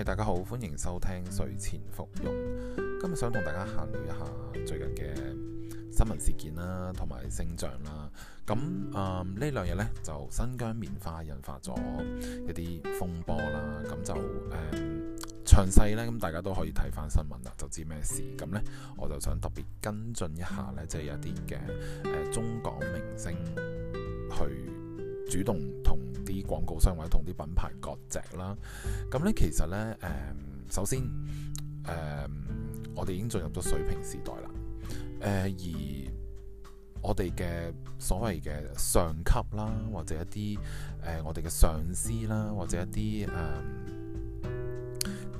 係，大家好，歡迎收聽睡前服用。今日想同大家行一下最近嘅新聞事件啦，同埋星象啦。咁啊呢兩日呢，就新疆棉花引發咗一啲風波啦。咁就誒、呃、詳細呢，咁大家都可以睇翻新聞啦，就知咩事。咁呢，我就想特別跟進一下呢，即、就、係、是、一啲嘅、呃、中港明星去主動同。啲廣告商或者同啲品牌割隻割蓆啦，咁咧其實咧，誒首先誒，我哋已經進入咗水瓶時代啦。誒、呃、而我哋嘅所謂嘅上級啦，或者一啲誒、呃、我哋嘅上司啦，或者一啲誒、呃、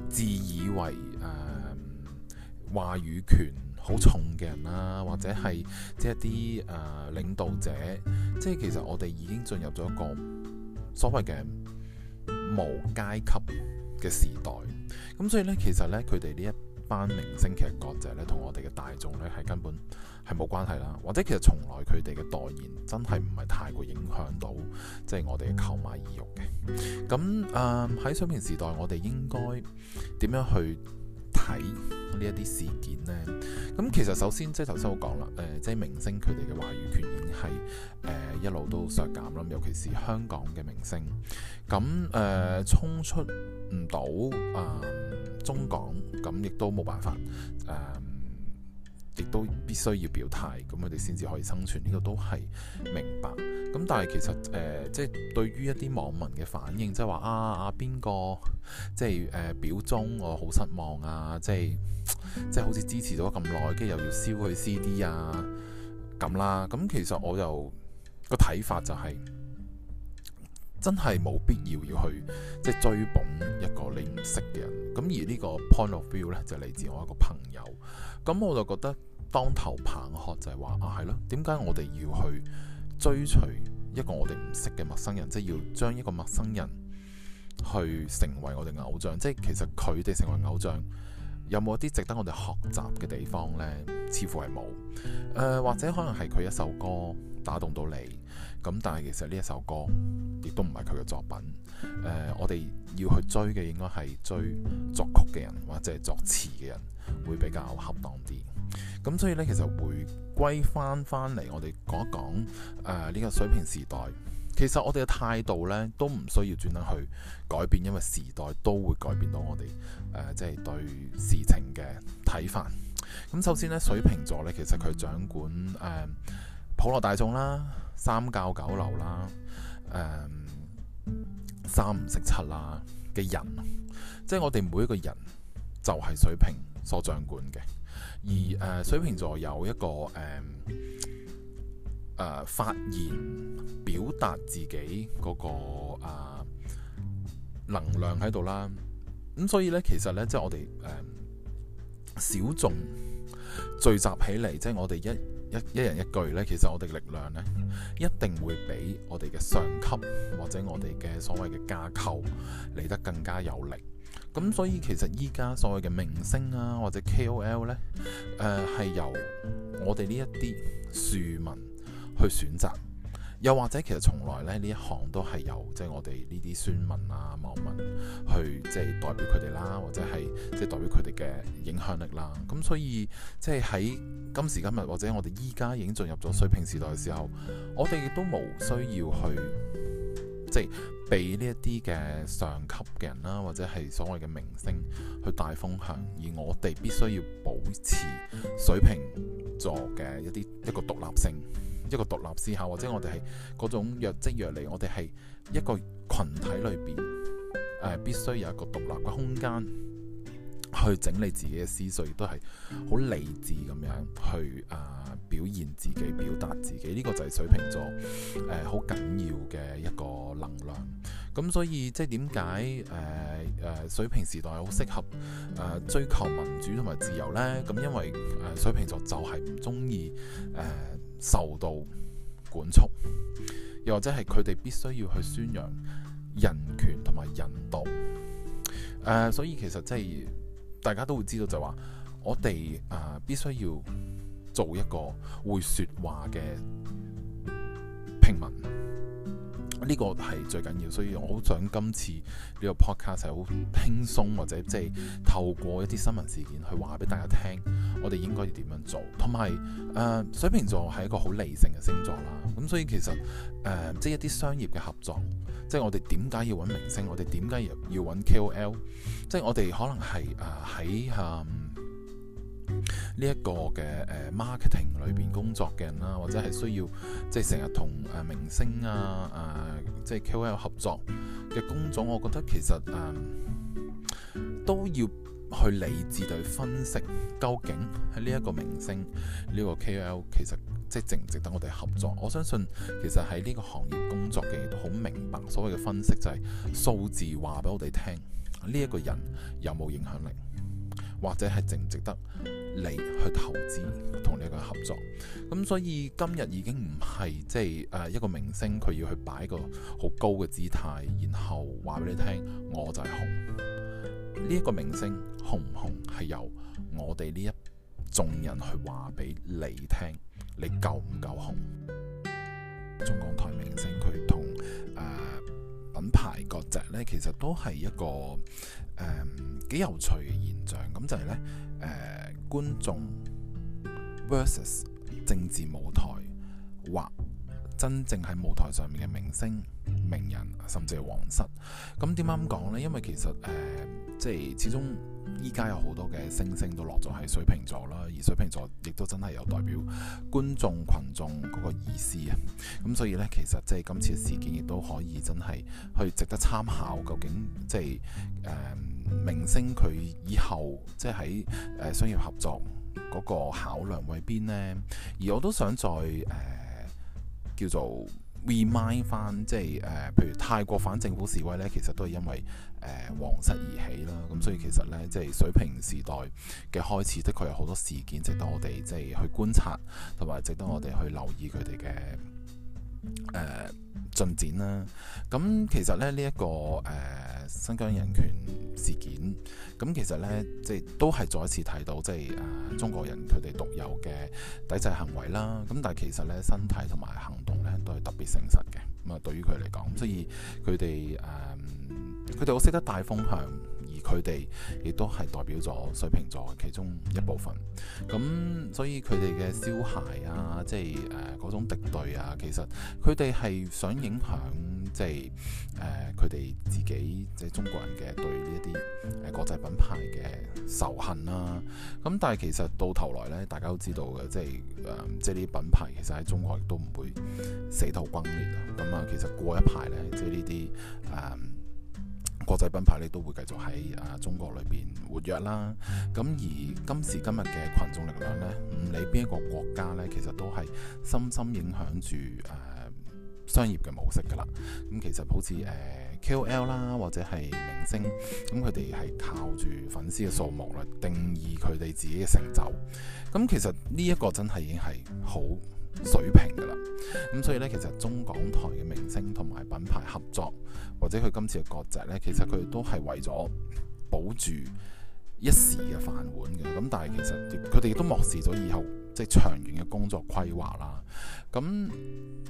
自以為誒、呃、話語權好重嘅人啦，或者係即係一啲誒、呃、領導者，即係其實我哋已經進入咗一個。所謂嘅無階級嘅時代，咁所以呢，其實呢，佢哋呢一班明星劇角者呢，同我哋嘅大眾呢，係根本係冇關係啦，或者其實從來佢哋嘅代言真係唔係太過影響到，即係我哋嘅購買意欲嘅。咁誒喺碎片時代，我哋應該點樣去睇呢一啲事件呢，咁其實首先即係頭先我講啦，誒、呃、即係明星佢哋嘅話語權已經係誒一路都削減啦，尤其是香港嘅明星，咁誒、呃、衝出唔到啊中港，咁亦都冇辦法啊。呃亦都必須要表態，咁佢哋先至可以生存，呢、這個都係明白。咁但係其實誒、呃，即係對於一啲網民嘅反應，就是啊啊、即係話啊啊邊個即係誒表忠，我好失望啊！即係即係好似支持咗咁耐，跟住又要燒佢 CD 啊咁啦。咁其實我就、那個睇法就係、是。真係冇必要要去即追捧一個你唔識嘅人，咁而呢個 point of view 呢，就嚟自我一個朋友，咁我就覺得當頭棒喝就係話啊係咯，點解我哋要去追隨一個我哋唔識嘅陌生人，即係要將一個陌生人去成為我哋偶像？即係其實佢哋成為偶像有冇啲值得我哋學習嘅地方呢？似乎係冇，誒，或者可能係佢一首歌。打動到你咁，但係其實呢一首歌亦都唔係佢嘅作品。誒、呃，我哋要去追嘅應該係追作曲嘅人或者作詞嘅人，會比較恰當啲。咁所以呢，其實歸回歸翻翻嚟，我哋講一講誒呢、呃這個水瓶時代。其實我哋嘅態度呢都唔需要專登去改變，因為時代都會改變到我哋誒，即、呃、係、就是、對事情嘅睇法。咁首先呢，水瓶座呢，其實佢掌管誒。呃普羅大眾啦，三教九流啦，誒、嗯，三唔識七啦嘅人，即係我哋每一個人就係水瓶所掌管嘅，而誒、呃，水瓶座有一個誒，誒、呃呃，發言表達自己嗰、那個啊、呃、能量喺度啦，咁、嗯、所以咧，其實咧，即係我哋誒、呃、小眾聚集起嚟，即係我哋一。一一人一句呢，其實我哋力量呢，一定會比我哋嘅上級或者我哋嘅所謂嘅架構嚟得更加有力。咁所以其實依家所謂嘅明星啊，或者 KOL 呢，誒、呃、係由我哋呢一啲庶民去選擇。又或者，其實從來咧呢一行都係由即係我哋呢啲選民啊、網民去即係代表佢哋啦，或者係即係代表佢哋嘅影響力啦。咁所以即係喺今時今日，或者我哋依家已經進入咗水瓶時代嘅時候，我哋亦都冇需要去即係被呢一啲嘅上級嘅人啦，或者係所謂嘅明星去帶風向，而我哋必須要保持水瓶座嘅一啲一個獨立性。一個獨立思考，或者我哋係嗰種若即若離，我哋係一個群體裏邊、呃，必須有一個獨立嘅空間去整理自己嘅思緒，亦都係好理智咁樣去誒、呃、表現自己、表達自己。呢、這個就係水瓶座誒好緊要嘅一個能量。咁所以即係點解誒誒水瓶時代好適合誒、呃、追求民主同埋自由呢？咁因為誒水瓶座就係唔中意誒。呃受到管束，又或者係佢哋必須要去宣揚人權同埋人道。誒、呃，所以其實即係大家都會知道就，就話我哋誒、呃、必須要做一個會說話嘅平民。呢個係最緊要，所以我好想今次呢個 podcast 係好輕鬆，或者即係透過一啲新聞事件去話俾大家聽，我哋應該要點樣做。同埋誒，水瓶座係一個好理性嘅星座啦，咁所以其實誒，即係一啲商業嘅合作，即係我哋點解要揾明星，我哋點解要要揾 KOL，即係我哋可能係誒喺誒，呃呢一個嘅誒 marketing 裏邊工作嘅人啦，或者係需要即係成日同誒明星啊誒、啊、即係 KOL 合作嘅工種，我覺得其實誒、啊、都要去理智地分析，究竟喺呢一個明星呢、呢個 KOL 其實即係值唔值得我哋合作？我相信其實喺呢個行業工作嘅人都好明白所謂嘅分析就係、是、數字話俾我哋聽，呢、呢、一個人有冇影響力？或者係值唔值得你去投資同你嘅合作，咁所以今日已經唔係即係誒一個明星佢要去擺個好高嘅姿態，然後話俾你聽我就係紅。呢、這、一個明星紅唔紅係由我哋呢一眾人去話俾你聽，你夠唔夠紅？中港台明星佢同誒品牌嗰隻呢，其實都係一個。誒幾、嗯、有趣嘅現象，咁就係、是、呢，誒、呃、觀眾 versus 政治舞台，或真正喺舞台上面嘅明星。名人甚至皇室，咁點解咁講呢？因為其實誒、呃，即係始終依家有好多嘅星星都落咗喺水瓶座啦，而水瓶座亦都真係有代表觀眾群眾嗰個意思啊。咁所以呢，其實即係今次事件亦都可以真係去值得參考，究竟即係誒、呃、明星佢以後即係喺商業合作嗰個考量位邊呢？而我都想再、呃、叫做。Remind 翻即係誒、呃，譬如泰國反政府示威呢，其實都係因為誒、呃、皇室而起啦。咁所以其實呢，即係水瓶時代嘅開始，的確有好多事件值得我哋即係去觀察，同埋值得我哋去留意佢哋嘅。誒，進、呃、展啦，咁、嗯、其實咧呢一、這個誒、呃、新疆人權事件，咁、嗯、其實呢即係都係再次睇到即係誒、呃、中國人佢哋獨有嘅抵制行為啦，咁但係其實呢，身體同埋行動呢都係特別誠實嘅，咁、嗯、啊對於佢嚟講，所以佢哋誒佢哋好識得大風向。佢哋亦都係代表咗水瓶座其中一部分，咁所以佢哋嘅燒鞋啊，即係誒嗰種敵對啊，其實佢哋係想影響即係誒佢哋自己即係中國人嘅對呢一啲誒國際品牌嘅仇恨啦，啊。咁但係其實到頭來咧，大家都知道嘅，即係誒、呃、即係啲品牌其實喺中國亦都唔會死得好轟烈啦。咁啊，其實過一排咧，即係呢啲誒。呃國際品牌咧都會繼續喺誒中國裏邊活躍啦。咁而今時今日嘅群眾力量呢，唔理邊一個國家呢，其實都係深深影響住誒、呃、商業嘅模式噶啦。咁其實好似誒、呃、K O L 啦，或者係明星，咁佢哋係靠住粉絲嘅數目嚟定義佢哋自己嘅成就。咁其實呢一個真係已經係好水平噶啦，咁所以呢，其實中港台嘅明星同埋品牌合作，或者佢今次嘅國籍呢，其實佢哋都係為咗保住一時嘅飯碗嘅。咁但係其實佢哋都漠視咗以後即係長遠嘅工作規劃啦。咁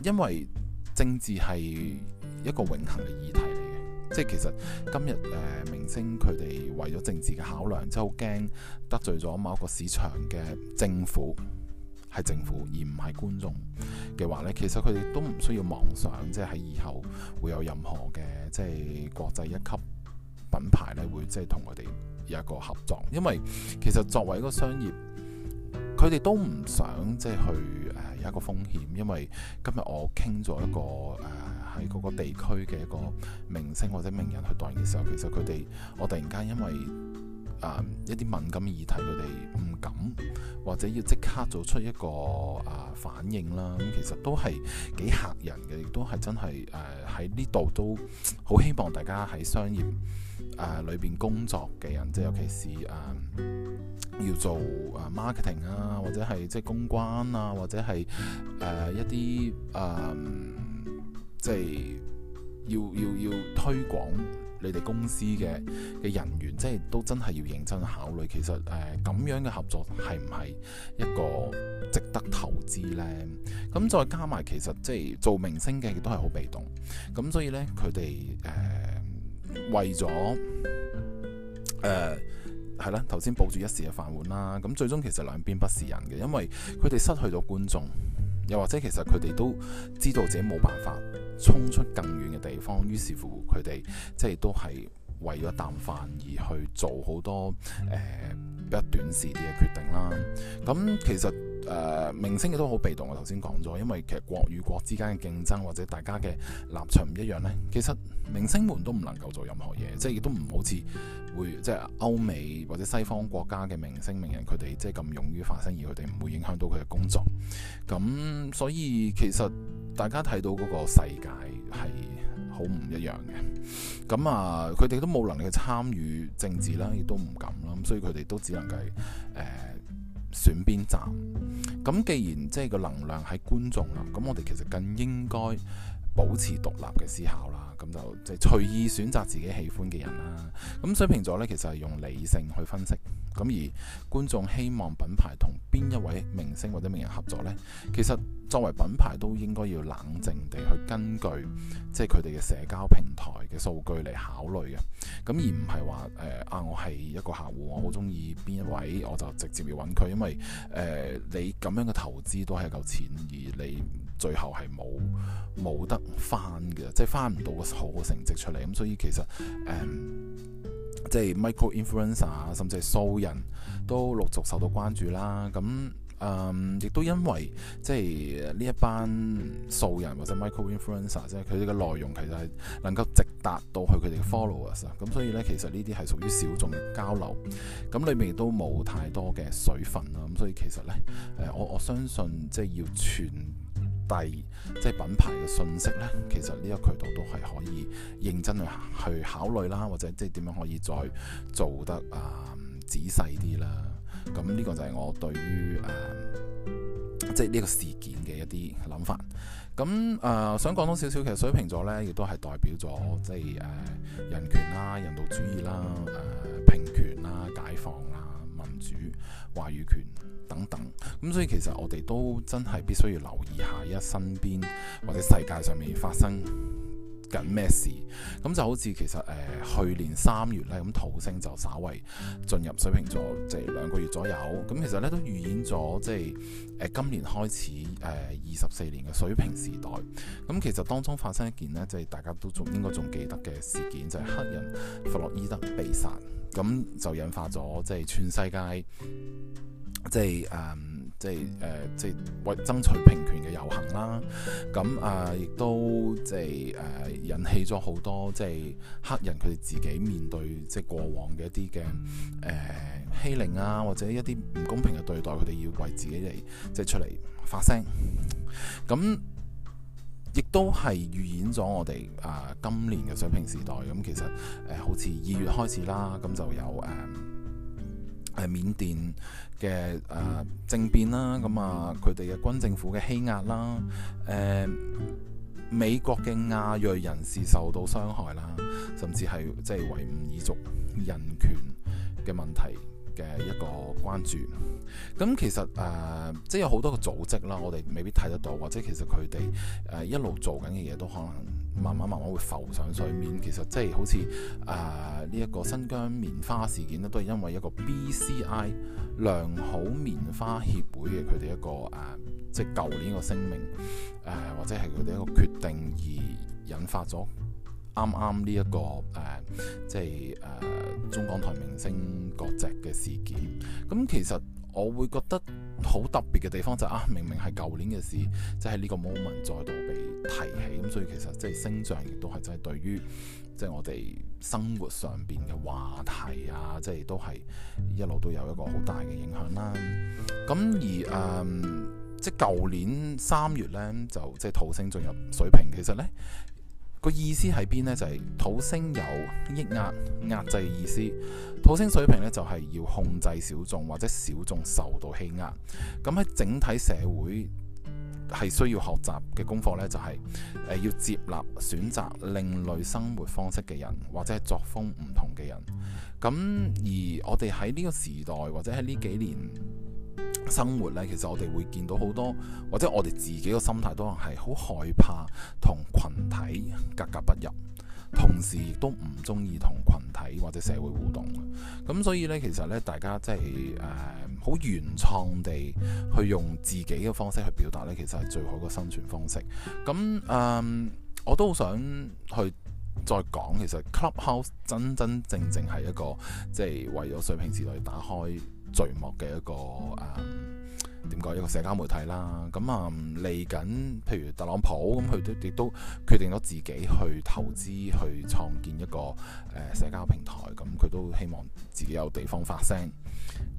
因為政治係一個永恆嘅議題嚟嘅，即係其實今日誒，明星佢哋為咗政治嘅考量，即係好驚得罪咗某一個市場嘅政府。係政府而唔係觀眾嘅話呢，其實佢哋都唔需要妄想，即係喺以後會有任何嘅即係國際一級品牌呢，會即係同我哋有一個合作。因為其實作為一個商業，佢哋都唔想即係去誒、啊、有一個風險。因為今日我傾咗一個誒喺嗰個地區嘅一個明星或者名人去代言嘅時候，其實佢哋我突然間因為。啊、嗯，一啲敏感議題佢哋唔敢，或者要即刻做出一個啊、呃、反應啦。咁其實都係幾嚇人嘅，亦、呃、都係真係誒喺呢度都好希望大家喺商業啊裏邊工作嘅人，即係尤其是誒、呃、要做啊、呃、marketing 啊，或者係即係公關啊，或者係誒、呃、一啲誒即係要要要推廣。你哋公司嘅嘅人員，即係都真係要認真考慮，其實誒咁、呃、樣嘅合作係唔係一個值得投資呢？咁、嗯、再加埋，其實即係做明星嘅亦都係好被動，咁、嗯、所以呢，佢哋誒為咗誒係啦，頭先抱住一時嘅飯碗啦，咁、嗯、最終其實兩邊不是人嘅，因為佢哋失去咗觀眾，又或者其實佢哋都知道自己冇辦法。衝出更遠嘅地方，於是乎佢哋即係都係為咗啖飯而去做好多比、呃、較短時啲嘅決定啦。咁、嗯、其實誒、呃、明星亦都好被動，我頭先講咗，因為其實國與國之間嘅競爭或者大家嘅立場唔一樣呢，其實明星們都唔能夠做任何嘢，即係亦都唔好似會即係歐美或者西方國家嘅明星名人，佢哋即係咁勇於發聲而佢哋唔會影響到佢嘅工作。咁、嗯、所以其實。大家睇到嗰個世界係好唔一樣嘅，咁啊，佢哋都冇能力去參與政治啦，亦都唔敢啦，咁所以佢哋都只能計誒、呃、選邊站。咁既然即係個能量喺觀眾啦，咁我哋其實更應該保持獨立嘅思考啦。咁就即係隨意選擇自己喜歡嘅人啦。咁水瓶座呢，其實係用理性去分析。咁而觀眾希望品牌同邊一位明星或者名人合作呢？其實作為品牌都應該要冷靜地去根據即係佢哋嘅社交平台嘅數據嚟考慮嘅。咁而唔係話誒啊，我係一個客戶，我好中意邊一位，我就直接要揾佢，因為誒、呃、你咁樣嘅投資都係夠錢，而你最後係冇冇得翻嘅，即係翻唔到個好嘅成績出嚟。咁所以其實誒。呃即係 Micro-influencer，甚至係素人都陸續受到關注啦。咁誒、嗯，亦都因為即係呢一班素人或者 Micro-influencer，即係佢哋嘅內容其實係能夠直達到去佢哋嘅 followers 啊。咁所以咧，其實呢啲係屬於小眾嘅交流，咁裏面亦都冇太多嘅水分啊。咁所以其實咧，誒、呃，我我相信即係要全。第即係、就是、品牌嘅信息呢，其實呢個渠道都係可以認真去去考慮啦，或者即係點樣可以再做得啊、呃、仔細啲啦。咁呢個就係我對於、呃、即係呢個事件嘅一啲諗法。咁誒、呃、想講多少少其實水瓶座呢亦都係代表咗即係誒、呃、人權啦、人道主義啦、誒、呃、平權啦、解放啦。民主、話語權等等，咁所以其實我哋都真係必須要留意下一身邊或者世界上面發生緊咩事？咁就好似其實誒、呃、去年三月咧，咁土星就稍微進入水瓶座，即係兩個月左右。咁其實咧都預演咗，即係誒今年開始誒二十四年嘅水瓶時代。咁其實當中發生一件呢，即係大家都仲應該仲記得嘅事件，就係黑人弗洛伊德被殺，咁就引發咗即係全世界，即係誒。嗯即係誒，即係為爭取平權嘅遊行啦，咁啊亦都即係誒引起咗好多即係、就是、黑人佢哋自己面對即係、就是、過往嘅一啲嘅誒欺凌啊，或者一啲唔公平嘅對待，佢哋要為自己嚟即係出嚟發聲。咁亦都係預演咗我哋啊、呃、今年嘅水瓶時代。咁、嗯、其實誒、呃、好似二月開始啦，咁就有誒。呃係，緬甸嘅誒政變啦，咁、呃、啊，佢哋嘅軍政府嘅欺壓啦，誒、呃、美國嘅亞裔人士受到傷害啦，甚至係即係維吾爾族人權嘅問題嘅一個關注。咁其實誒、呃，即係有好多個組織啦，我哋未必睇得到，或者其實佢哋誒一路做緊嘅嘢都可能。慢慢慢慢會浮上水面，其實即係好似誒呢一個新疆棉花事件咧，都係因為一個 BCI 良好棉花協會嘅佢哋一個誒、呃、即係舊年個聲明誒、呃、或者係佢哋一個決定而引發咗啱啱呢一個誒、呃、即係誒、呃、中港台明星國籍嘅事件。咁、嗯、其實。我會覺得好特別嘅地方就係、是、啊，明明係舊年嘅事，即係呢個 moment 再度被提起，咁所以其實即係星象亦都係真係對於即係我哋生活上邊嘅話題啊，即、就、係、是、都係一路都有一個好大嘅影響啦。咁而嗯，即係舊年三月呢，就即係、就是、土星進入水瓶，其實呢。個意思喺邊呢？就係、是、土星有抑壓、壓制嘅意思。土星水平呢，就係要控制小眾或者小眾受到欺壓。咁喺整體社會係需要學習嘅功課呢，就係、是、誒要接納選擇另類生活方式嘅人或者係作風唔同嘅人。咁而我哋喺呢個時代或者喺呢幾年。生活咧，其實我哋會見到好多，或者我哋自己個心態都係好害怕同群體格，格格不入，同時亦都唔中意同群體或者社會互動。咁所以呢，其實呢，大家即係誒好原創地去用自己嘅方式去表達呢，其實係最好嘅生存方式。咁誒、嗯，我都好想去再講，其實 Clubhouse 真真正正係一個即係、就是、為咗水瓶時代打開。序幕嘅一個誒，點講，一個社交媒體啦。咁啊，嚟緊，譬如特朗普咁，佢都亦都決定咗自己去投資去創建一個誒社交平台。咁佢都希望自己有地方發聲。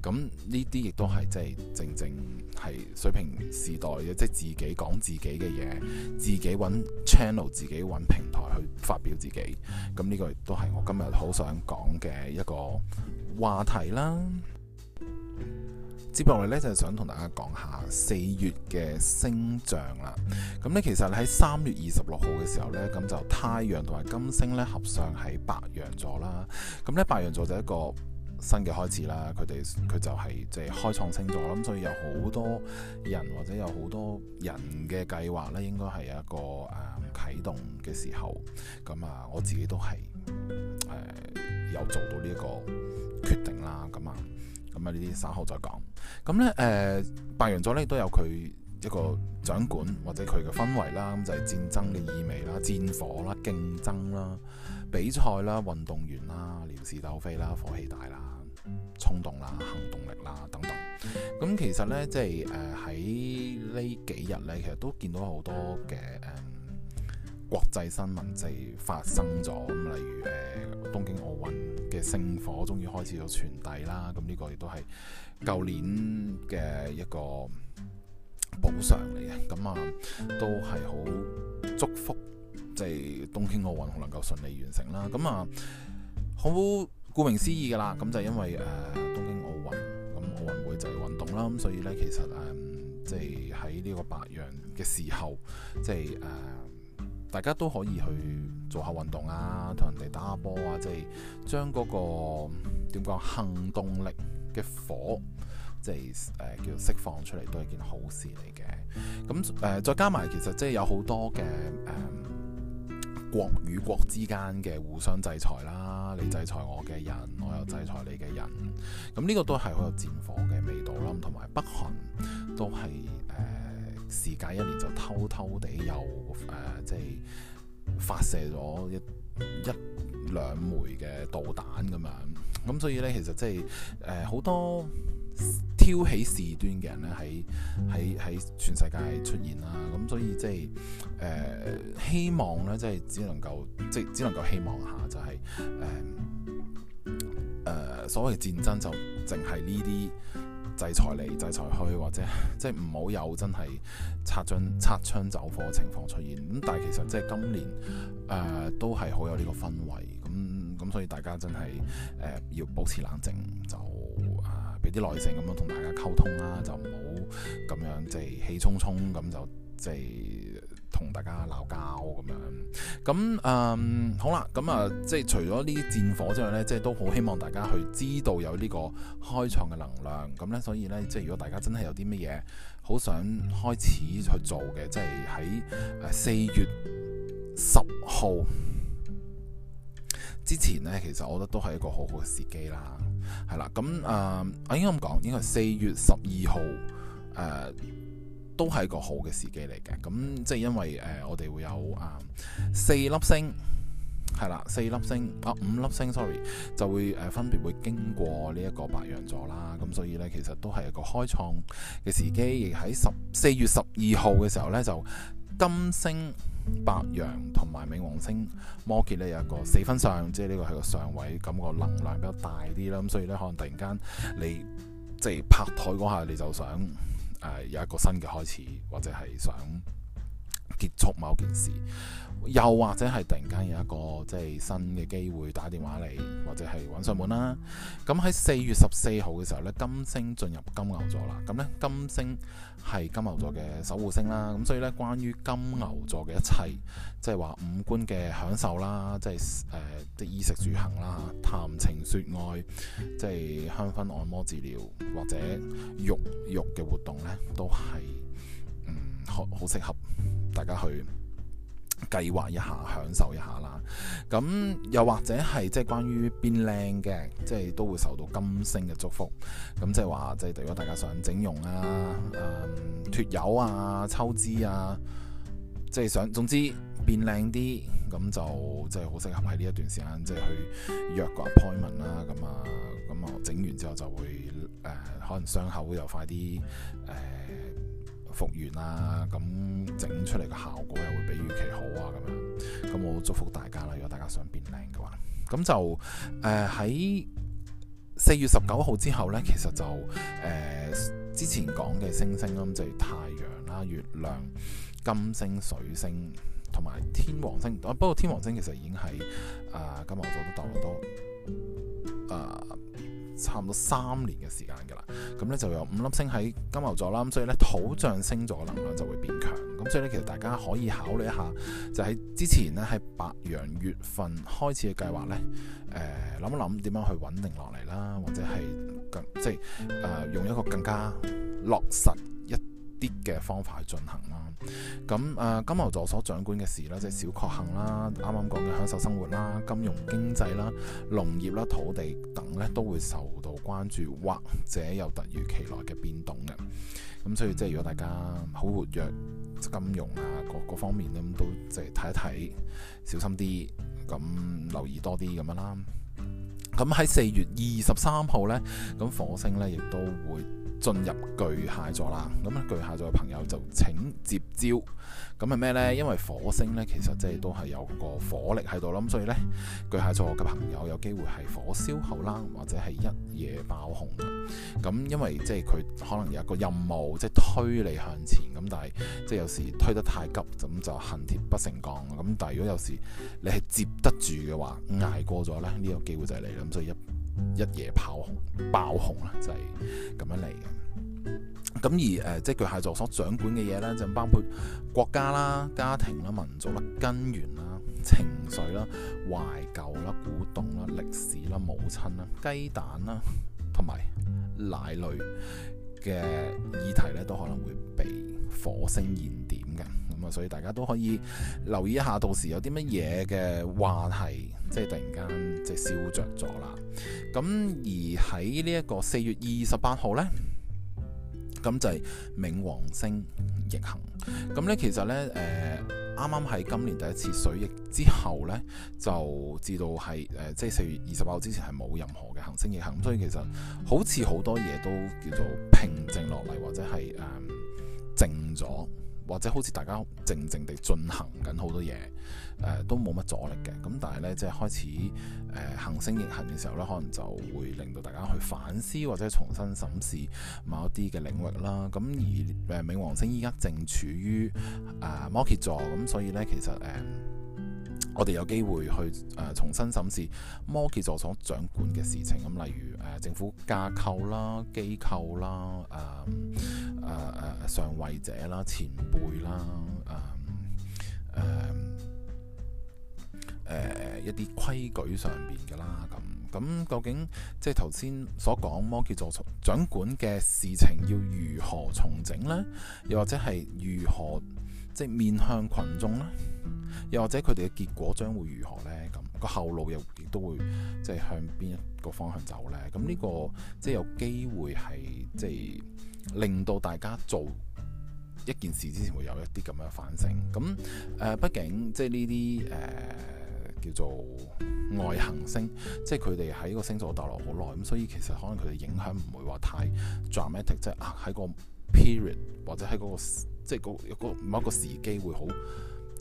咁呢啲亦都係即係正正係水平時代嘅，即係自己講自己嘅嘢，自己揾 channel，自己揾平台去發表自己。咁呢個亦都係我今日好想講嘅一個話題啦。接落嚟咧就係想同大家講下四月嘅星象啦。咁咧其實喺三月二十六號嘅時候咧，咁就太陽同埋金星咧合上喺白羊座啦。咁咧白羊座就一個新嘅開始啦。佢哋佢就係即係開創星座啦。咁所以有好多人或者有好多人嘅計劃咧，應該係一個誒啟動嘅時候。咁啊，我自己都係誒有做到呢一個決定啦。咁啊。咁啊！呢啲稍後再講。咁咧，誒、呃、白羊座咧，都有佢一個掌管或者佢嘅氛圍啦，咁就係、是、戰爭嘅意味啦、戰火啦、競爭啦、比賽啦、運動員啦、亂事鬥非啦、火氣大啦、衝動啦、行動力啦等等。咁其實咧，即係誒喺呢幾日咧，其實都見到好多嘅誒、嗯、國際新聞，即係發生咗咁，例如誒、呃、東京奧運。聖火終於開始咗傳遞啦，咁呢個亦都係舊年嘅一個補償嚟嘅，咁啊都係好祝福，即係東京奧運能夠順利完成啦，咁啊好顧名思義噶啦，咁就係因為誒、呃、東京奧運，咁奧運會就係運動啦，咁所以咧其實誒即係喺呢個白羊嘅時候，即係。呃大家都可以去做下運動啊，同人哋打下波啊，即係將嗰、那個點講行動力嘅火，即係誒叫釋放出嚟，都係件好事嚟嘅。咁誒、呃、再加埋，其實即係有好多嘅誒、呃、國與國之間嘅互相制裁啦，你制裁我嘅人，我又制裁你嘅人，咁呢個都係好有戰火嘅味道啦。同埋北韓都係誒。呃時隔一年就偷偷地又誒、呃，即係發射咗一一兩枚嘅導彈咁樣，咁所以咧，其實即係誒好多挑起事端嘅人咧，喺喺喺全世界出現啦。咁所以即係誒、呃，希望咧即係只能夠即係只能夠希望下、就是，就係誒誒，所謂嘅戰爭就淨係呢啲。制裁嚟、制裁去，或者即係唔好有真係擦樽、擦槍走火嘅情況出現，咁但係其實即係今年誒、呃、都係好有呢個氛圍，咁咁所以大家真係誒、呃、要保持冷靜，就啊俾啲耐性咁樣同大家溝通啦，就唔好咁樣，即係氣沖沖咁就即係。同大家鬧交咁樣，咁嗯好啦，咁啊即係除咗呢啲戰火之外呢即係都好希望大家去知道有呢個開創嘅能量，咁呢所以呢，即係如果大家真係有啲乜嘢好想開始去做嘅，即係喺四月十號之前呢，其實我覺得都係一個好好嘅時機啦，係啦，咁啊、呃、我應該咁講，應該係四月十二號誒。呃都係一個好嘅時機嚟嘅，咁即係因為誒、呃、我哋會有啊四粒星係啦，四粒星啊五粒星，sorry 就會誒、呃、分別會經過呢一個白羊座啦，咁所以呢，其實都係一個開創嘅時機，而喺十四月十二號嘅時候呢，就金星白羊同埋冥王星摩羯呢，有一個四分相，即係呢個係個上位咁個能量比較大啲啦，咁所以呢，可能突然間你即係拍台嗰下你就想。誒、uh，有一個新嘅開始，或者係想結束某件事。又或者係突然間有一個即係新嘅機會打電話嚟，或者係揾上門啦。咁喺四月十四號嘅時候呢，金星進入金牛座啦。咁呢，金星係金牛座嘅守護星啦。咁所以呢，關於金牛座嘅一切，即係話五官嘅享受啦，即係誒、呃、即係衣食住行啦，談情說愛，即係香薰按摩治療或者肉肉嘅活動呢，都係嗯好好適合大家去。計劃一下，享受一下啦。咁又或者係即係關於變靚嘅，即係都會受到金星嘅祝福。咁即係話，即係如果大家想整容啊、脱、嗯、油啊、抽脂啊，即係想總之變靚啲，咁就即係好適合喺呢一段時間，即係去約個 appointment 啦。咁啊，咁啊，整完之後就會誒、呃，可能傷口又快啲誒。呃復原啦，咁整出嚟嘅效果又會比預期好啊，咁樣，咁我祝福大家啦。如果大家想變靚嘅話，咁就誒喺四月十九號之後呢，其實就誒、呃、之前講嘅星星啦，即係、就係太陽啦、月亮、金星、水星同埋天王星、啊。不過天王星其實已經係啊金牛座都鬥得多，呃差唔多三年嘅時間噶啦，咁咧就有五粒星喺金牛座啦，咁所以咧土象星座嘅能量就會變強，咁所以咧其實大家可以考慮一下，就喺、是、之前咧喺白羊月份開始嘅計劃咧，誒、呃、諗一諗點樣去穩定落嚟啦，或者係更即係誒、呃、用一個更加落實一啲嘅方法去進行啦。咁誒、啊，金牛座所掌管嘅事咧，即係小確幸啦，啱啱講嘅享受生活啦，金融經濟啦、農業啦、土地等呢，都會受到關注，或者有突如其來嘅變動嘅。咁所以即係如果大家好活躍，金融啊各個方面咧，咁都即係睇一睇，小心啲，咁留意多啲咁樣啦。咁喺四月二十三號呢，咁火星呢亦都會。進入巨蟹座啦，咁咧巨蟹座嘅朋友就請接招。咁係咩呢？因為火星呢，其實即係都係有個火力喺度啦，咁所以呢，巨蟹座嘅朋友有機會係火燒後啦，或者係一夜爆紅。咁因為即係佢可能有一個任務即係、就是、推你向前，咁但係即係有時推得太急，咁就恨鐵不成鋼。咁但係如果有時你係接得住嘅話，挨過咗咧呢、這個機會就嚟。咁所以一。一夜爆紅，爆紅啦，就係、是、咁樣嚟嘅。咁而誒、呃，即係巨蟹座所掌管嘅嘢咧，就包括國家啦、家庭啦、民族啦、根源啦、情緒啦、懷舊啦、古董啦、歷史啦、母親啦、雞蛋啦，同埋奶類嘅議題咧，都可能會被火星燃點嘅。咁啊，所以大家都可以留意一下，到時有啲乜嘢嘅話題。即係突然間即係燒着咗啦，咁而喺呢一個四月二十八號呢，咁就係冥王星逆行。咁呢，其實呢，誒、呃，啱啱喺今年第一次水逆之後呢，就知道係誒，即係四月二十八號之前係冇任何嘅行星逆行，所以其實好似好多嘢都叫做平靜落嚟，或者係誒靜咗。呃或者好似大家靜靜地進行緊好多嘢，誒、呃、都冇乜阻力嘅。咁但係呢，即係開始誒、呃、行星逆行嘅時候呢，可能就會令到大家去反思或者重新審視某一啲嘅領域啦。咁而誒、呃、冥王星依家正處於誒、呃、摩羯座，咁所以呢，其實誒，我哋有機會去誒重新審視摩羯座所掌管嘅事情，咁例如誒、呃、政府架構啦、機構啦、誒誒誒上位者啦、前輩啦、誒誒誒一啲規矩上邊嘅啦，咁咁究竟即係頭先所講摩羯座掌管嘅事情要如何重整呢？又或者係如何？即係面向群眾啦，又或者佢哋嘅結果將會如何呢？咁個後路又亦都會即係向邊一個方向走呢？咁呢個即係有機會係即係令到大家做一件事之前會有一啲咁樣反省。咁誒、呃，畢竟即係呢啲誒叫做外行星，即係佢哋喺個星座逗留好耐，咁所以其實可能佢哋影響唔會話太 dramatic，即係喺個 period 或者喺嗰、嗰個。即係嗰個某一個時機會好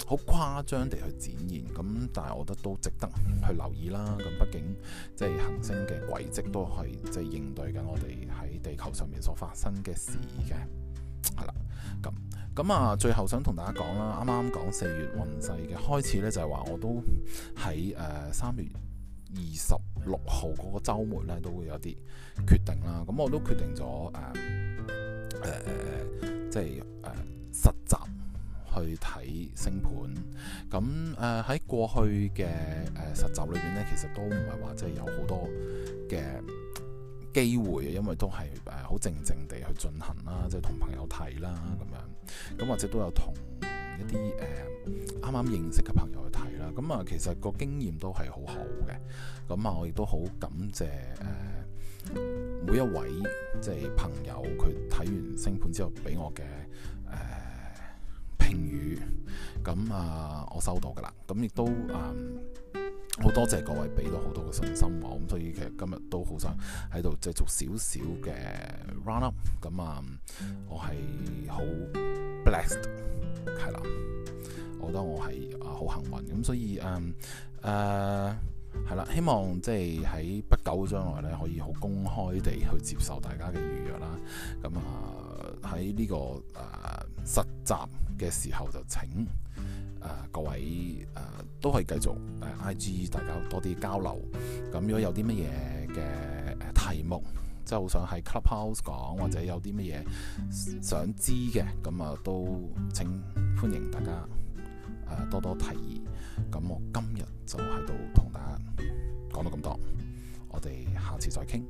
好誇張地去展現，咁但係我覺得都值得去留意啦。咁畢竟即係行星嘅軌跡都係即係應對緊我哋喺地球上面所發生嘅事嘅，係啦。咁咁啊，最後想同大家講啦，啱啱講四月運勢嘅開始呢，就係話我都喺誒三月二十六號嗰個週末呢，都會有啲決定啦。咁我都決定咗誒誒即係誒。呃實習去睇星盤咁誒喺過去嘅誒、呃、實習裏邊呢，其實都唔係話即係有好多嘅機會，因為都係誒好靜靜地去進行啦，即係同朋友睇啦咁樣咁，或者都有同一啲誒啱啱認識嘅朋友去睇啦。咁啊、呃，其實個經驗都係好好嘅。咁啊，我亦都好感謝誒、呃、每一位即係、就是、朋友，佢睇完星盤之後俾我嘅。語咁啊，我收到噶啦，咁、嗯、亦都嗯好多謝各位俾到好多嘅信心我，咁、嗯、所以其實今日都好想喺度繼續少少嘅 run up，咁、嗯、啊、嗯，我係好 blessed 係啦，我覺得我係啊好幸運，咁、嗯、所以嗯誒係啦，希望即係喺不久嘅將來咧，可以好公開地去接受大家嘅預約啦，咁啊喺呢個誒。呃實習嘅時候就請、呃、各位誒、呃、都可以繼續誒、呃、IG 大家多啲交流，咁如果有啲乜嘢嘅題目，即係好想喺 Clubhouse 講，或者有啲乜嘢想知嘅，咁啊、呃、都請歡迎大家誒、呃、多多提議。咁我今日就喺度同大家講到咁多，我哋下次再傾。